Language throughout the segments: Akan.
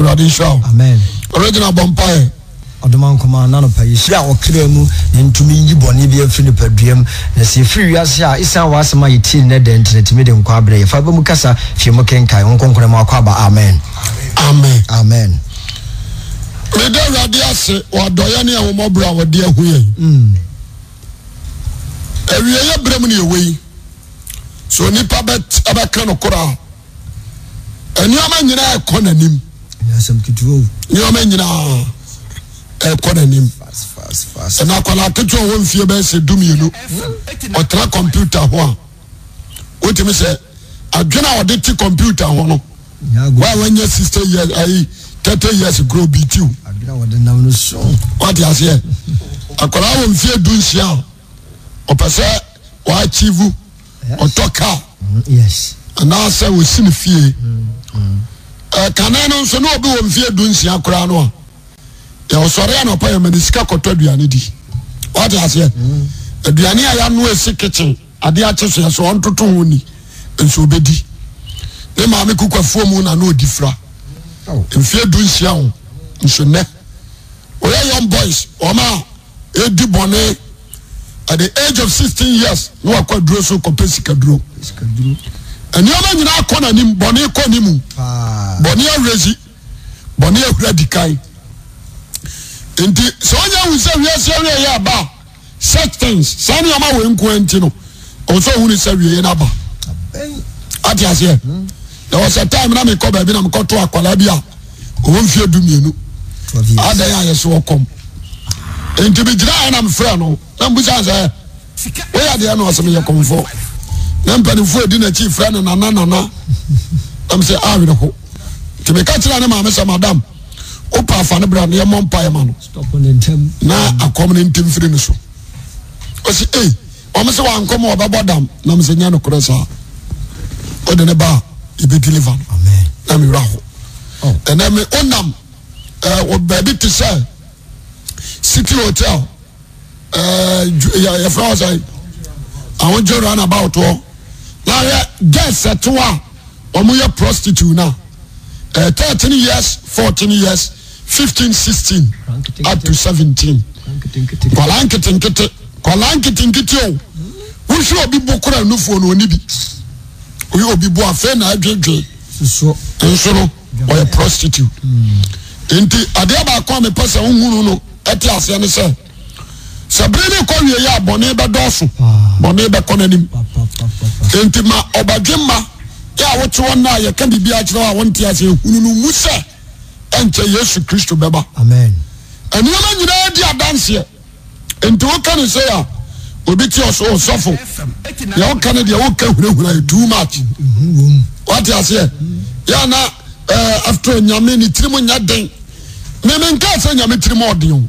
Amen. awurade nhyira wo ɔregina bɔmpaeɛ ɔdoma nkɔmɔ ananɔpa yi hyia ɔkra mu ne ntumi yi bɔne bi afiri nipadua mu na sɛ ɛfiri wiase a ɛsiane w'asɛm a yɛtii nnɛ dɛ nti na tumi de nkɔ abrɛ yɛfa bɛ mu kasa fie mu kenkae wo nkonkona mu akɔ aba amen amen amen mede awurade ase wɔadɔyɛ ne ɛwommɔborɔ a wɔde ahu yɛn mm. awieyɛ berɛ mu ne yɛwɔ yi so nnipa nyinaa ɛkɔ n'anim meoma nyinaa ɛkɔ danim ɛna kwada katuuo wmfie bɛ sɛ dumyeno ɔtra computa hɔ a wotimi sɛ adwene wɔde te computa hɔ no wa wanyɛ syste etet years koroobiteo wateaseɛ akwada womfie du nsiaa ɔpɛ sɛ aakyiv ɔtɔ ka mm, anaasɛ wosine fie mm, mm. Eh, kane no nso ne obi wɔ mfeɛ du nsia koraa no a yɛwɔsɔre anɔpa yɛmane sika kɔtɔ aduane di ɔte aseɛ mm. aduane a yɛano asi kitchen adeɛ akye so yɛ so ɔntoto ho ni nso obɛdi ne maame kukwafuo mu na ne ɔdi fira mfeɛ du nsia ho nso nɛ wɔyɛ young boys wɔma a ɛdi bɔne at the age of sixteen years ne wakɔ aduro so kɔpɛ sikaduro nneɛma nyinaa kɔ n'anim bɔnne ah. kɔ ne mu bɔnne awurasi bɔnne awura di kan nti sɛ ɔnyɛ ahu sɛ wiase awia yɛ aba such things saa nneɛma wɔ nko nti no ɔsɛ ohun sɛ wie yɛ n'aba ate aseɛ ɛwɔ sɛ time na mi kɔ baabi na mi kɔ to akwadaa bi a ɔwɔ mfie du mienu adan a yɛ so ɔkɔm nti mi gyina yɛ na mi fira no na mi sɛ wɔyɛ adeɛ na ɔsɛ yɛ kɔnfɔ. mpanfo din ki fre ne nanaana mese awere ho tmeka kere nemmese ada wopa fane an te freo esew daleeai te se city hotelefrase woon bat yàrá girls ẹ̀tọ́ a wọ́n yẹ prostitute na, ẹ̀ thirteen years fourteen years fifteen sixteen up to seventeen kwalaa nketenkete kwalaa nketenkete o wosi obi bu kura nufu na oni bi oyi obi bu afei na adwedwe nso no prostitute hmm. nti adeɛ baako a mepɛ sɛ wohunu no ɛte aseɛ ne sɛ nekɛbɛ nkɛyes kristo air y ɛ yard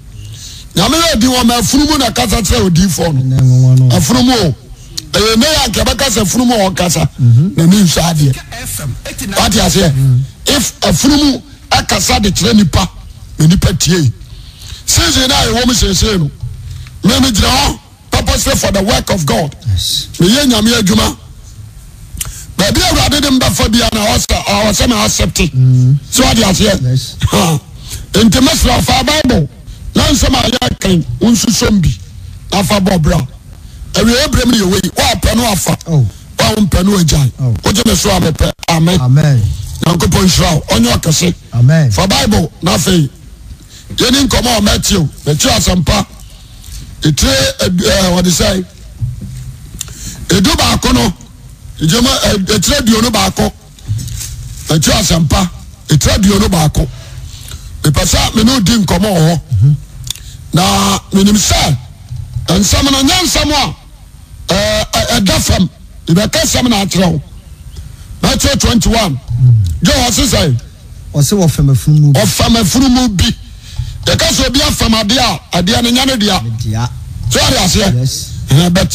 nyame yɛ di wɔn ma afunumu na kasa kyerɛ odiifoɔ no afunumu o ɛyɛ ne yɛ akɛ bɛkasa afunumu a ɔkasa mhm. na ne nsu adeɛ wate aseɛ mhm. if afunumu akasa de kyerɛ nipa na nipa tie seesei na ayɛ wɔn mu seesei no mɛmi gyina hɔ purposely for the work of god meyɛ nyame adwuma baabi awurade de mbɛfa bia na ɔsɛ ma accept mhm. sɛ wate aseɛ nti mɛsrɛ ɔfa bible nsɛm a yɛ kan nsusom bi afa bɔ bra awie ebire mi yɛ wei wa pɛ no afa wa oh. wo mpɛ no agyae oh. wogye ne so a mepɛ amen nyankopɔn nhyira wo ɔnyɛ ɔkɛse fa bible na afei yɛni nkɔmmɔ a matthew n'akyi asɛmpa ɛtire eh, wɔde sɛ ɛdu baako no gyama eh, ɛtire aduonu baako n'akyi asɛmpa ɛtire aduonu baako mepɛ sɛ mene odi wɔ hɔ anim sɛ nsɛm no nyɛ nsɛm a ɛda fam ibɛkɛ sɛm naakyerɛ o mtɛ 21 ɔse sɛ ɔfam afurumu bi yɛkɛ sɛ obi afam abia adia ne nyanedua sɛdesɛbut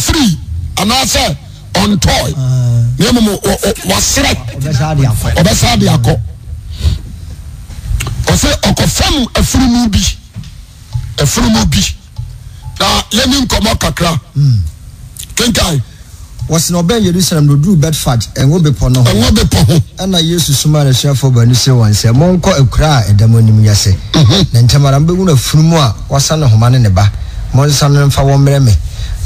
fri ansɛ ɔwerɛ ɔbɛsa diakɔɔs ɔɔfam afurumu bi ɛfunumu bi na yɛni nkɔmɔ kakra kenkan. wɔsena ɔbɛn yerusalem na oduru bedford ɛnwo bepɔ no ho ɛnwo bepɔ ho ɛna yesu soma n'asuafoɔ baanu se wɔn sɛ monkɔ ekura a ɛdam anim yɛsɛ mhm. na ntɛm ara mbɛgu na funumu a wasa ne homa ne ne ba mɔnsa no mfa wɔn mmerɛ me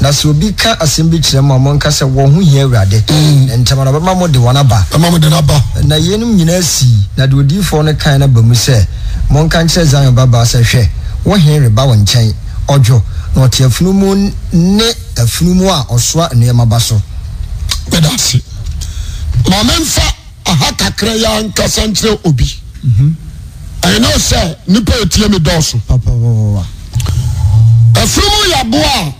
na sɛ obi ka asɛm bi kyerɛ mu a monka sɛ wɔn ho hia awurade hmm. ntɛm ara bɛma mo de wɔn aba bɛma mo de n'aba na yɛnum nyinaa si na deɛ odiifoɔ no kan no ba mu sɛ monka nkyerɛ zion babaa sɛ hwɛ wɔhe reba wɔ nkyɛn ɔdwo na ɔte afunumu ne afunumu a ɔsoa nneɛma ba so. bɛda ase maame nfa aha kakra yi ankasa nkyerɛ obi mhm. ɛyɛ na sɛ nipa etie mi dɔɔso afunumu yɛ aboa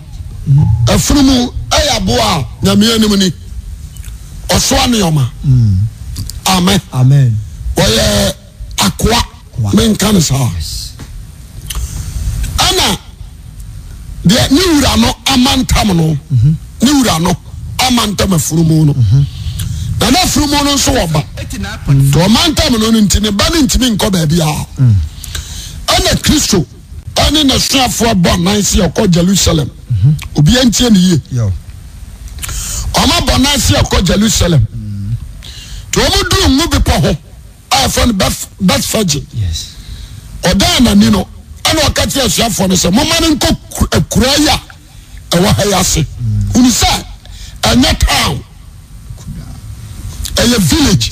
mhm. afunumu ɛyɛ aboa nyamea anim ni ɔsoa nneɛma mhm. amen wɔyɛ akoa menka ne saa ɛna deɛ ne wura no ama ntam no mhm. ne wura no ama ntam afurumu no mhm. na ne afurumu no nso wɔ ba to ɔma ntam no no nti ne ba no ntumi nkɔ baabi a mm. ɛna kristo ɛne n'asuafoɔ bɔ nan si ɔkɔ jerusalem mhm. obiara ntie ne yie ɔma bɔ nan si ɔkɔ jerusalem to ɔmo duru ngu bepɔ ho a yɛfrɛ no bethfage ɔdan n'ani no. nekate asua fo no sɛ momane akura eh, ya wɔaise n sɛ ɛnɛ tow ɛyɛ village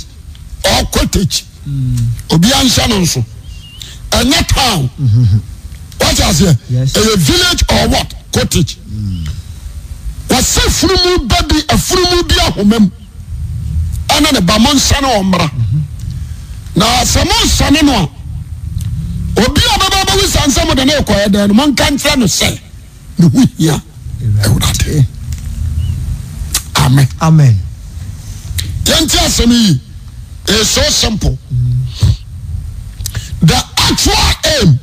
o cotage obianhyɛ no nso ɛnɛ tow waaseɛ ɛyɛ village o wa cotage ɔsɛ afuumu bi afunumu eh, bi ahoma m ɛna ne ba mo nsane ɔmmra na sɛ monsane noa obi a bɛbɛ bɛwi sansɛm de ne kɔyɛ dɛ no monka nkyerɛ no sɛ ne ho hia awurade amen amen yɛnti asɛm yi is so simple the actual aim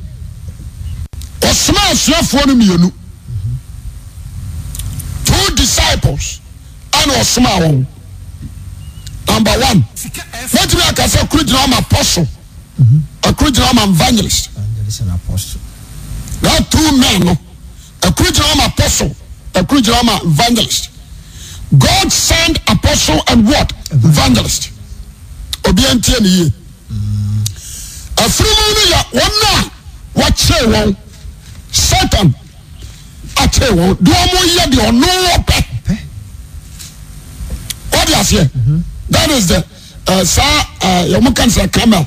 ɔsoma asuafoɔ no mmienu two disciples ɛna ɔsoma wɔn number one wọ́n ti bí akasẹ́ kúrò gyina ọmọ apọ́sọ̀. A hɔ ma evangelist are two men no ɛkorogyina hɔ apostle A hɔ ma evangelist God send apostle and what evangelist obi ɛntie ne yie afirimu no yɛ wɔn a wɔkyerɛ wɔn Satan akyerɛ wɔn deɛ wɔn yɛ deɛ ɔno wɔpɛ wɔde aseɛ that is the uh, saa uh, yɛn mo kan sɛ camel.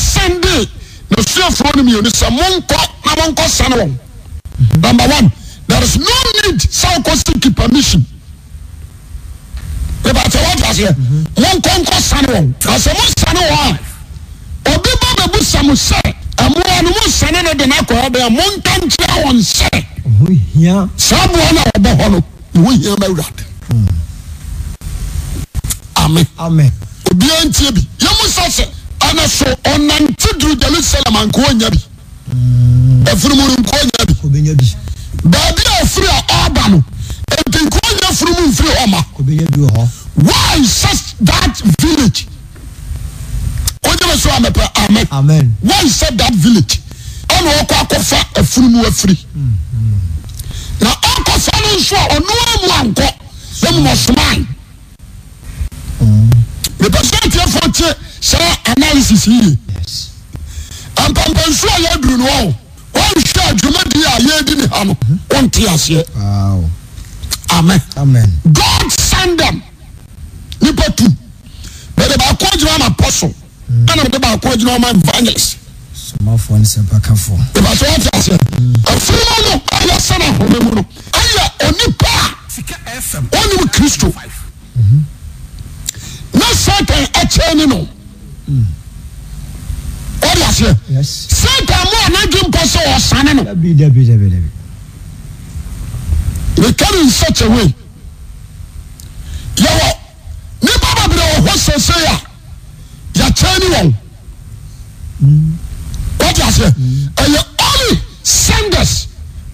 sɛnde nasuafɔ n sɛ monɔnɔ sa n teres no eɛɔiaɛɛɛ nes onat drojalusalema nny frknyb badi ofiria obam ntk wonye furmu firi ma wse that village oemesomp am se that village aneok akofa afurmuwafri n sans onmnko saa analysis yie ampampansuo a yɛaduru no je wɔnhwɛ adwumadiɛ a ne ha no hmm? wonte aseɛ amen god send them nipa tu mede baako agyina ama apostle hmm. ɛna mede baako agyina ama evangelist ne wote aseɛ parle hmm. no teaseɛ sɛtamo anadwenpɔ sɛ ɔsane no ecame in such a way yɛwɔ nebaba braɔhɔ sɛsɛ a yakyani mm. ɔ taseɛ mm. ɛyɛ ol senders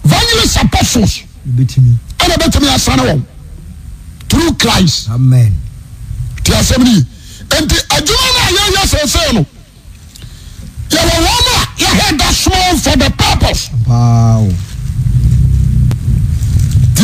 vaulous apostles an bɛtimi yasane wɔ tro clies tasɛmn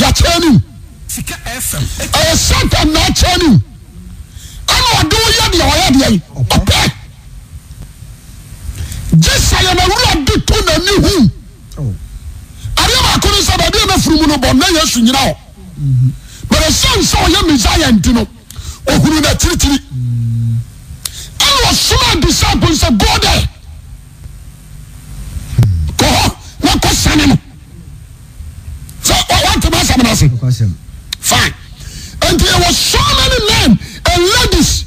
yɛakyɛ nim ɛ satan na akyɛ ne m ɛneɔde woyɛ deɛ ɔyɛdeɛn ɔpɛ gye sɛ yɛnawura ɔde to nane hu oh. adeɛ baako no sɛ baade na afuro mu no bɔ nna yɛ asu nyina ɔ bɛrɛ sɛne sɛ ɔyɛ misia ndi no ɔhunu natiritiri mm. ɛneɔsona a disciple sɛ godɛ Fine, fine there was so many men and ladies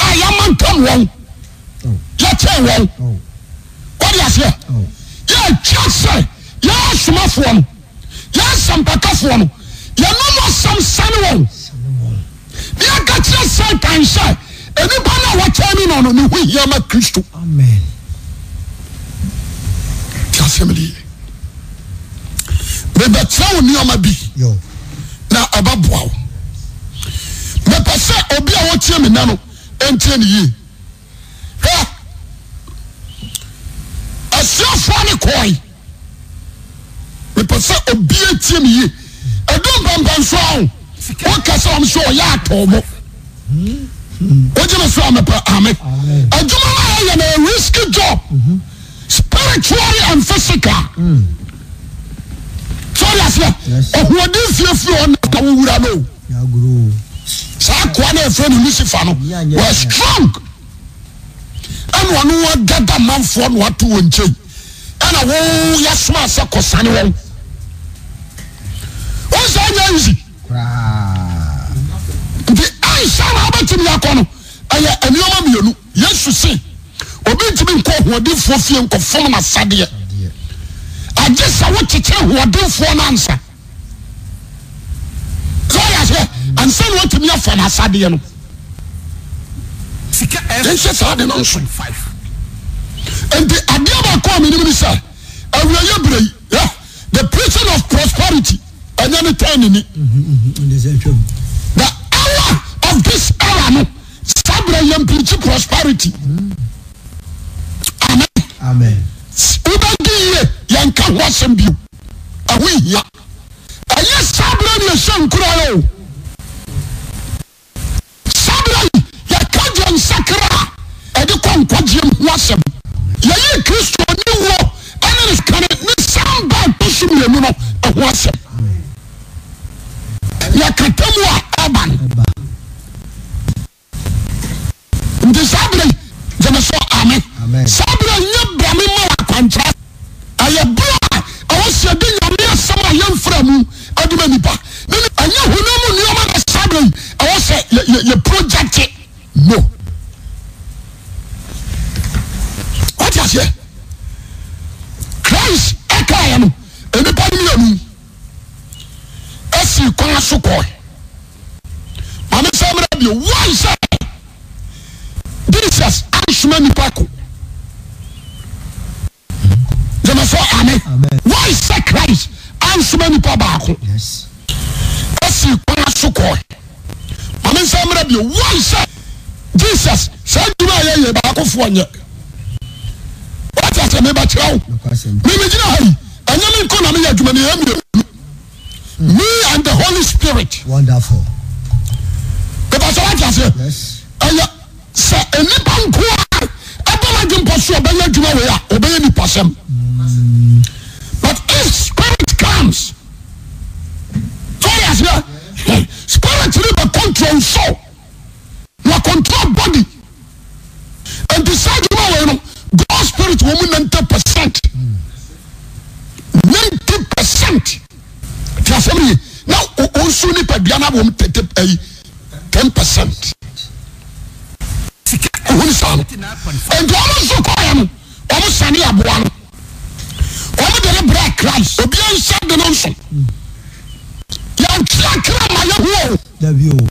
oh. a oh. oh. say. ntam wɔn yɛkyɛn wɔn wɔde aseɛ yɛatwa sɛ yɛn You are yɛn asampakafoɔ no yɛnom asɛm sane wɔn ne yɛka kyerɛ satan sɛ nipa anybody a wɔkyɛn me no no ne hear my Christo. amen tiasɛm family. mebɛtrɛ wo nneɔma bi na ɛbɛboawo mepɛ sɛ obi a wɔtiami na no ɛntɛneye ɛ asuofoane kɔe mepɛ sɛ obia tiamiye ɛdunpampansoa o wokɛ sɛ omsɛ ɔyɛatɔ mɔ wogyeme somɛpɛ ame adwuma moayɛna risk job mhm. spiritual and physical mm. sọrọ aseɛ ɔhuɔdi fiefie ɔna awuwura no saa akoa na efra no lucifer no wɔ strong ɛna ɔno wɔn dada manfoɔ na wato wɔn nkyɛn ɛna wɔn yasoma asɛ kɔsane wɔn wɔn sɛ ɛnyɛ easy nti aisha na abatumi akɔ no ɛyɛ ɛnìyɛmɔ mmienu yesu se obi ntumi nkɔ ɔhuɔdi fuofie nkɔ fɔm na sadeɛ. Yeah agye sɛ wokyekyere hoɔdenfoɔ no ansa sɛyɛ sɛ ansa na watumi afa no asadeɛ no yɛnhyɛ saa de no nso nti adeɛ baakɔ a menim ne sɛ awurayɛ berɛ yi the preaching of prosperity ɛnyɛ ne tan nini the hour of this hour no saa berɛ yɛmpirikyi prosperity amen wobɛdi yie yɛnka hoasɛm bi ahohia ɛyɛ sabera n nɛ sankurao sabera yi yɛka gyensɛkra ɛde kɔ nkɔgyeɛm hoasɛm yɛyɛ kristo e eus ea te siritrit ntsao g spirita pecent0 pecentɔnni0 pecentntomsaee acndenaramaah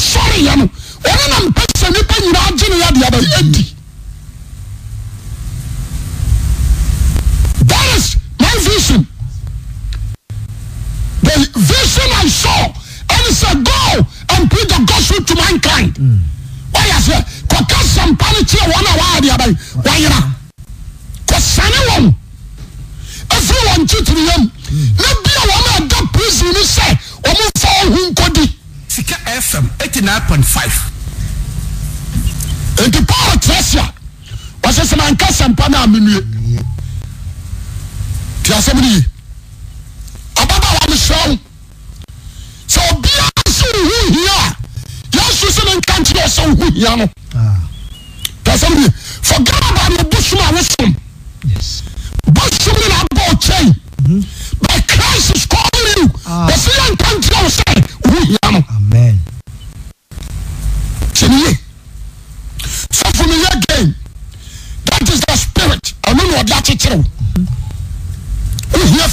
asɔre yɛ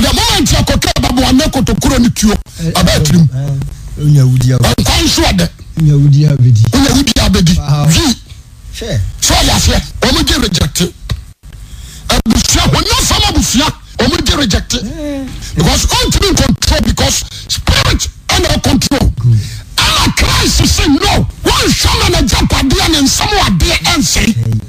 ntn bdw cuna bu cnt sri ntlcris sɛ nɛ ne nsɛs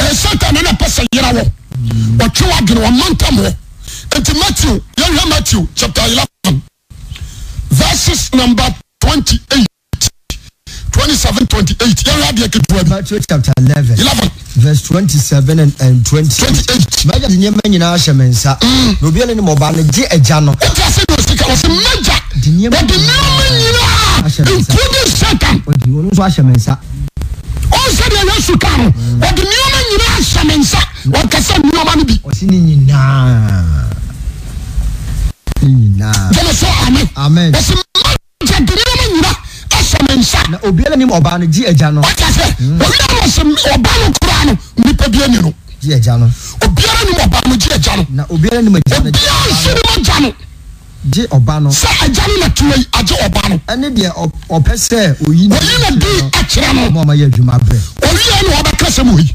ɛyɛ satan na pɛ sɛ yera wɔ wɔtwe wadwene wɔmantam wɔ nti matthew yɛhwɛ matthew chapter eleven verses number twenty eight. twenty-seven, twenty-eight. di ẹkẹtùwà bi. chapter eleven. eleven. verse twenty-seven and twenty-eight. twenty-eight hyɛ ne nsa ɔkasa nneɛma no bi. ɔsi ni nyinaa nyinaa. jẹnɛ amen. amen. ɔsi mma jẹ nneɛma nyina ɛhyɛ ne nsa. na obiara ni ɔbaa no di ɛgya no. ɔkya sɛ hmm. obiara ni ɔbaa no kura no nipa bi ɛni no. di ɛgya no. obiara ni ɔbaa no di ɛgya no. na obiara ni mo ɛgya no. obiara nsi ni mo gya no gye ɔba no. sɛ agya no na tuwa yi agye ɔba no. ɛne deɛ ɔpɛ sɛ oyi na. di akyerɛ no. ɔmɔ ɔmɔ yɛ adwuma bɛɛ. oyi yɛ ni ɔbɛka sɛ mo yi.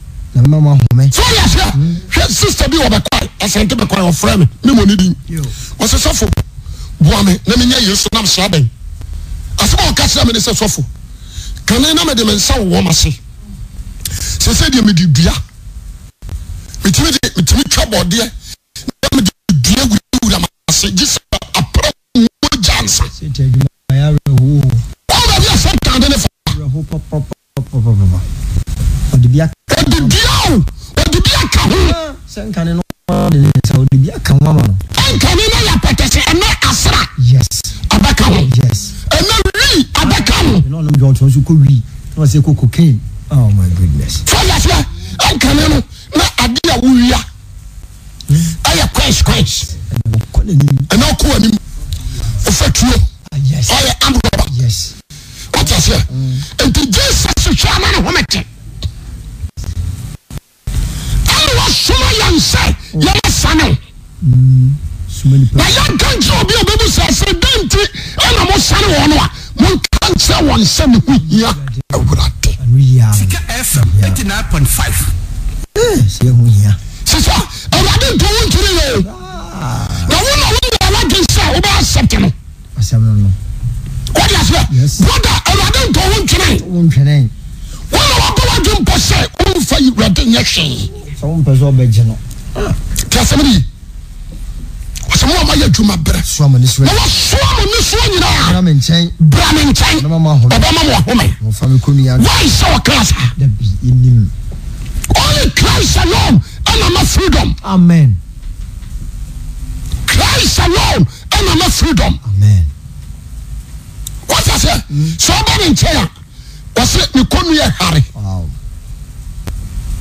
na mma ma ahome. so yà sẹ hwẹ sista bi wà bẹ kọ asante bẹ kọ ẹ ọfrẹ mi mi mọ nídìí ọsẹ sọfọ bua mi na mi nyẹ yesu nam sọ abẹ asọmọ ọka sẹ mi ni sẹ sọfọ kàní na mi de mi nsa wọ ọma se sẹsẹ diẹ mi di dua mi tìmi di mi tìmi twẹ bọọdeẹ na mi di dua wura wura ma se jisẹ apẹrẹ wo jansa. sɛ no de un bi aka ho ama no nkane asra yes abɛka ho yes ɛnɛ wi abɛka ho ɛnɛ ɔnom non, c'est un kɔ wi na oh my goodness yɛ sɛ non no na ade a wowia hmm? ɛyɛ quench Un ɛnɛ ɔkɔ anim ɔfa tuo ah, ɔyɛ amrɔba yes sɛ ça, hmm. jesus ama ne homete sɛ ɛyɛ sanona yɛa kyerɛ obi obɛmu sɛ sɛdenti ɛnamosane wɔ n mona kyerɛ w nsane ho hiawaɛso ua nɔwo ntwondwsɛwɛyɛp noea auade ntɔwo ntwen ona wɔbɛ wdwep sɛ ɔmmfa wae yɛ hwɛe dyea eya nmk s mkomha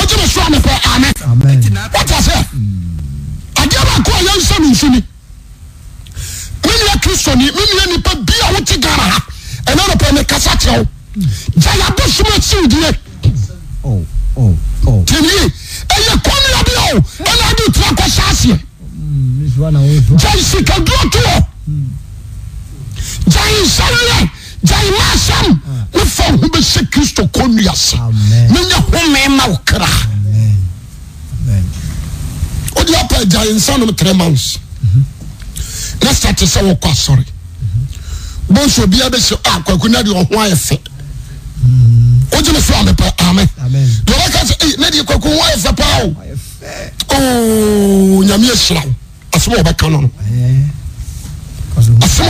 ojeme soamepo ame wata se adiabako yansano nsomi menua kristoni mena nipa biawo ti garaha ɛnenpo ne kasa teo ya abo soma siwdie tmiye eyɛ komiabio ande otrako sasiɛ ja sikaduoto a sawie gya ma sɛm ne fa mm-hmm. mm-hmm. ah, oho bɛsɛ kristo kɔ nasɛ meyɛ homema okra ode apɛ gya nsanom trɛ month ne sat sɛ wokɔ asɔre bbiaɛkwak dho ayɛsɛ ogyene soɛ eɛadkwakyɛsɛ poyamɛ heraw asɛbɛ bɛka nno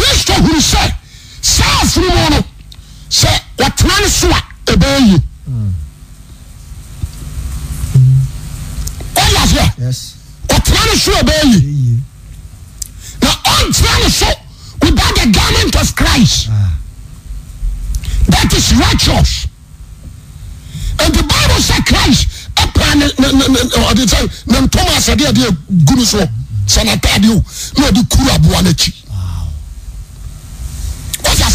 kristo huru sɛ saa afunumu no sɛ wɔtena ne so a ɛbɛyɛ yi ɔyɛ aseɛ ɔtena ne so you? ɛbɛyɛ yi na ɔntena ne so without the garment of Christ ah. that is righteous and the Bible say Christ ɛpra ne ɔde sɛ ne ntoma asɛdeɛ de egu ne so sɛ n'ataade o na ɔde kuru aboa n'akyi.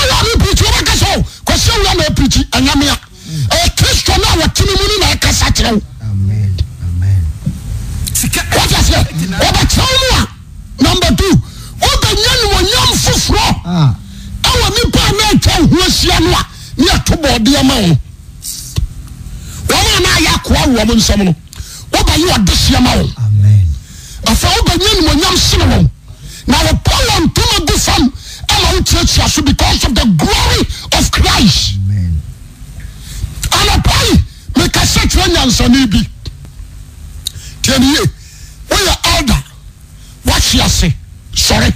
n oa aoaeoa nyaene oa ama wo kyerɛkyerɛ so because of the glory of Christ anapa mekasa kyerɛ nyansane bi tiɛniye woyɛ elder wahye ase sɔre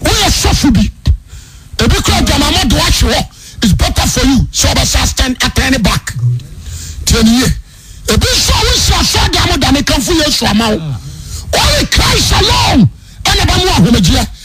woyɛ sɔfo bi ebi kura dwamama de wahye hɔ it's better for you sɛ ɔbɛsa stand atɛne back tiɛniye ebi nso a wosi aso adi amodane kanfo yɛ ama wo ah. only Christ alone ɛna bɛ mu ahomegyeɛ.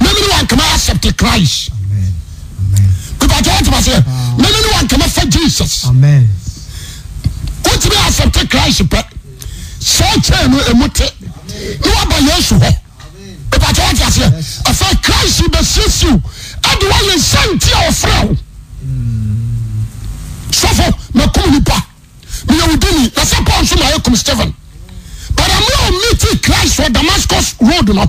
mímu ni wọn kàn máa accept Christ kòtò àti wọn ti ma se mímu ni wọn kàn máa fẹ Jesus wọn ti mi accept Christ pẹ sọ́ọ̀kyẹ́ nu emu ti ni wọn bọ Yesu hɔ kòtò àti wọn ti ma se ɛfɛ Christ bɛ sisiw ɛdi wọn yɛ nsɛnti a wɔfrɛ o sɔfo mɛ kum nipa mɛ yɛ wudi ni ɛsɛ Paul nso ma yɛ kum Stephen but àmì ọ̀ mi ti Christ wɔ Damascus road náà.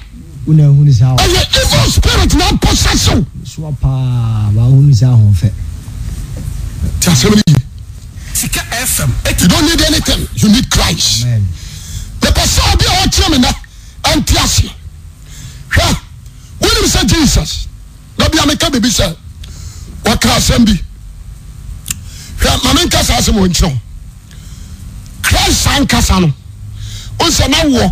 Et ahunu evil spirit na Tu n'as ti de you don't need anything you need christ mepɛ obi a Tu me hwɛ sɛ jesus na bia meka biribi sɛ wɔka asɛm bi hwɛ ma menka saa on wɔnkyerɛ christ saa nkasa no sɛ na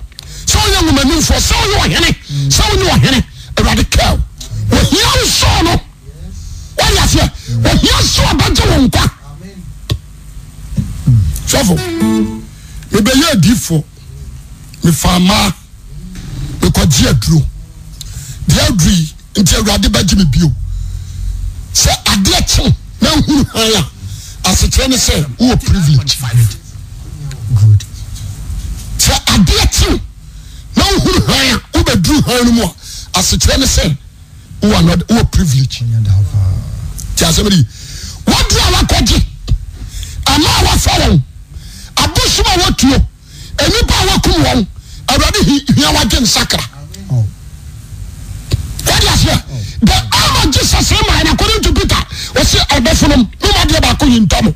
ɛn gws mebɛyɛ difoɔ mefammaa mekɔgye adur de a ntiwurade bagyemebio sɛ adeɛ kyem nahuuh asekɛ n sɛ woɔ prvgeɛ woɛdmu askyerɛn sɛvwodua wakɔgye ama wafa wɔ abosoma woatuo anipa a wokum wɔ awurade hia wadensakra eɛ aa jesus man aointo peter ɔse ɔdɔfonoadeɛbaɔa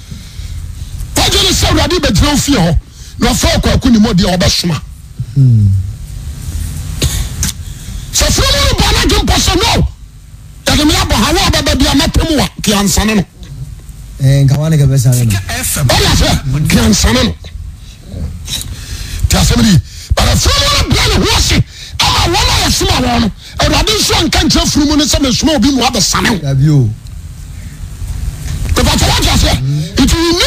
wagye ne sɛ awurade bɛgyina wo fie hɔ na ɔfa ɔkwaako nim ɔdeɛ ɔbɛsoma sɛ furo mu no bɔ no agye mpɔ sɛ no yɛde me abɔ ha wo abɛbɛ bi a mɛpem wa kiansane no eh, ɔda sɛ kiansane no nti asɛm de bɛrɛ furo mu no brɛ ne ho ase ama wɔn a yɛsoma wɔn no awurade nso anka nkyerɛ furu mu no sɛ mesoma obi mu abɛsane wo ɛbɛtɛ wagye aseɛ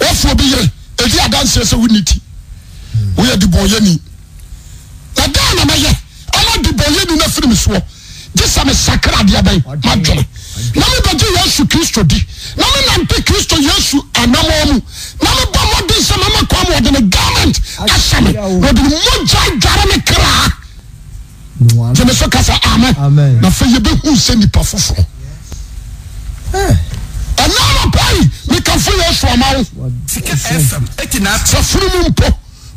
ɔfuɔ bi yere diadans sɛ won drseara ismeso kas yeusɛ nipa foforɔ eh. saoafomu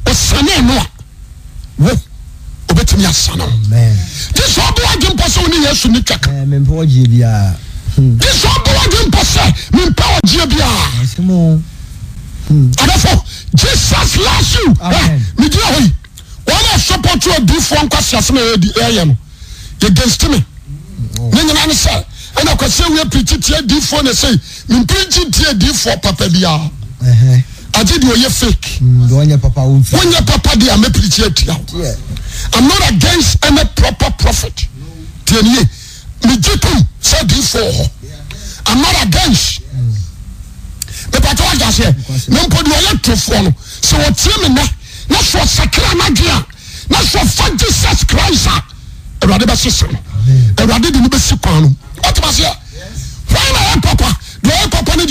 m sane noao obɛtumi ɛsan esɛ sɛnysnwɛ ɛ eɛ jesus las o adi nsɛ apa dines meprigye tie difoɔ papa bia aye deɛ ɔyɛ fek woyɛ mm, papa de amɛprkyi a ma aganst an proe proet me sɛdfhɔ agansɔyɛ o iemina nɔskra nodea na sɔfa jsus crist deɛsesodede oɛi ɛ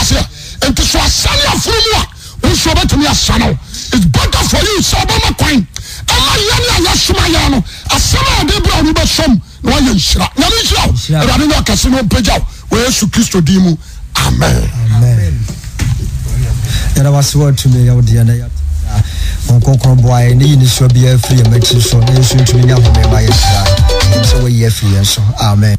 aseɛ nti so asane mu a asane o it's better for you sɛ ɔbɛma kwan ɛma a yɛsoma no asɛm a yɛde ɔno na wayɛ nhyira nyame nhyira o awurade ne no ɔmpagya wo wɔ yesu kristo din mu amen yɛda wase yɛwo deɛ na ne firi so na ntumi ne ahomema sɛ wɔyi afiri so amen